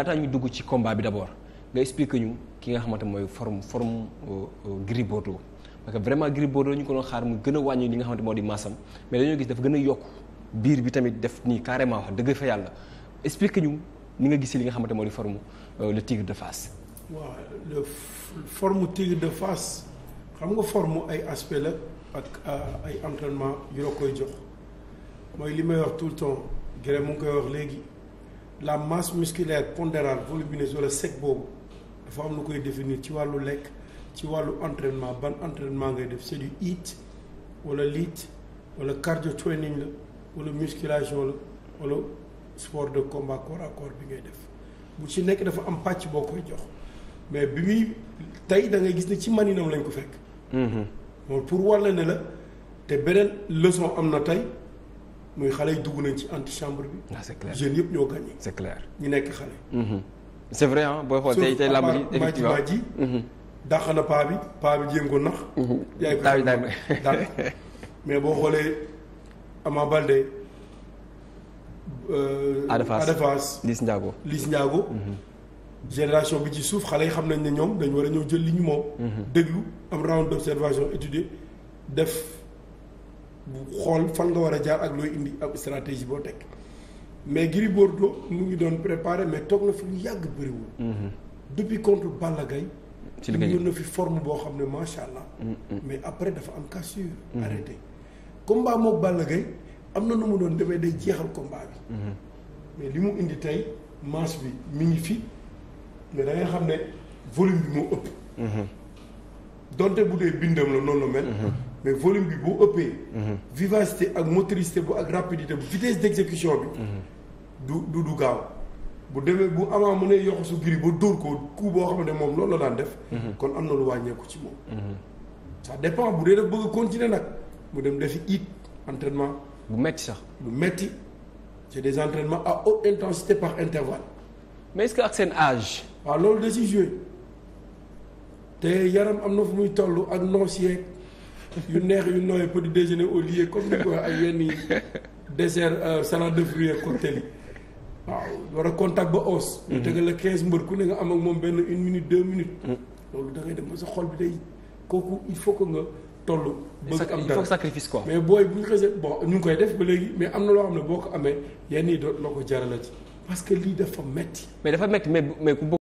laataa ñu dugg ci combat bi d' nga expliqué ñu ki nga xamante mooy forme forme euh, euh, Gris Bordeaux parce que vraiment Gris Bordeaux ñu ko doon xaar mu gën a wàññi li nga xamante moo di maasam mais dañoo gis dafa gën a yokk biir bi tamit def nii carrément wax dëgg fa yàlla expliqué ñu ni nga gisee li nga xamante moo di forme euh, le tigre de Fass. waaw le forme tigre de Fass xam nga forme ay aspe la ak ay entraînement yu la koy jox mooy li may wax tout le temps Gris mu ngi koy léegi. la masse musculaire pondérale volumineuse wala sec boobu dafa am lu koy définir ci wàllu lekk ci wàllu entraînement ban entraînement ngay def c'est du HIIT wala LIIT wala cardio training la wala musculation la wala sport de combat corps à bi ngay def bu ci nekk dafa am pàcc boo koy jox mais bi muy tey da ngay gis ni ci maninam lañ ko fekk. moom mm-hmm. pour wàll ne la te beneen leçon am na tey. muy xale yi dugg nañ ci antichambre bi. ah c'est clair jeunes yëpp ñoo gagné. c'est clair ñu nekk xale. Mhm. c'est vrai ah booy xool tey tey làmb ji effectivement ji. Mhm. dàq na paa bi paa bi jéem ko nax. Mhm. yaay mais boo xoolee Ama Baldé. Euh, Adafas Adafas Liss Ndiago Liss Ndiago. génération bi ci suuf xale yi xam nañ ne ñoom dañu war a ñëw jël li ñu moom. déglu am round d'observation étudier def. xool fan nga war a jaar ak looy indi ab stratégie boo teg mais Gris Bordeaux mu ngi doon préparé mais toog na fi lu yàgg bëriwul. Mm-hmm. depuis contre Balla Gaye ci na fi forme boo xam ne macha allah. Mm-hmm. mais après dafa am cassure. Mm-hmm. arrêté combat moog Balla Gaye am na nu mu doon demee day jeexal combat bi. mais li mu indi tey manche bi mi ngi fi mais da xam ne volume bi moo ëpp. donte bu dee bindam la noonu la mel. mais volume bi boo ëppee. Mhm. vivacité ak motricité bu ak rapidité bu vitesse d' exécution bi. Mhm. du du du gaaw. bu demee bu avant mu ne yokk su giri ba dóor ko coup boo xam ne moom loolu la daan def. Mhm. kon am na lu wàññeeku ci moom. ça dépend bu dee daf bëgg a nag mu dem defi it entraînement. bu metti sax bu metti c' des entraînements à haute intensité par intervalle. mais est ce que ak seen age waaw loolu da si joué te yaram am na fu muy toll ak noos yu neex yu nooy petit déjeuner au lieu comme ni ko ay yenn dessert euh, salade de fruits ak cocktail yi waaw war a contact ba os. ñu mm-hmm. tegal la 15 mbër ku ne nga am ak moom benn une minute deux minutes. Mm. loolu da dem ba sa xol bi day kooku il faut que nga toll. bëgg am dara il faut sacrifice quoi. mais koy def ba léegi mais am na loo xam ne boo ko amee yenn yi doot loo ko jarala ci parce lii dafa metti mais dafa metti mais mais ku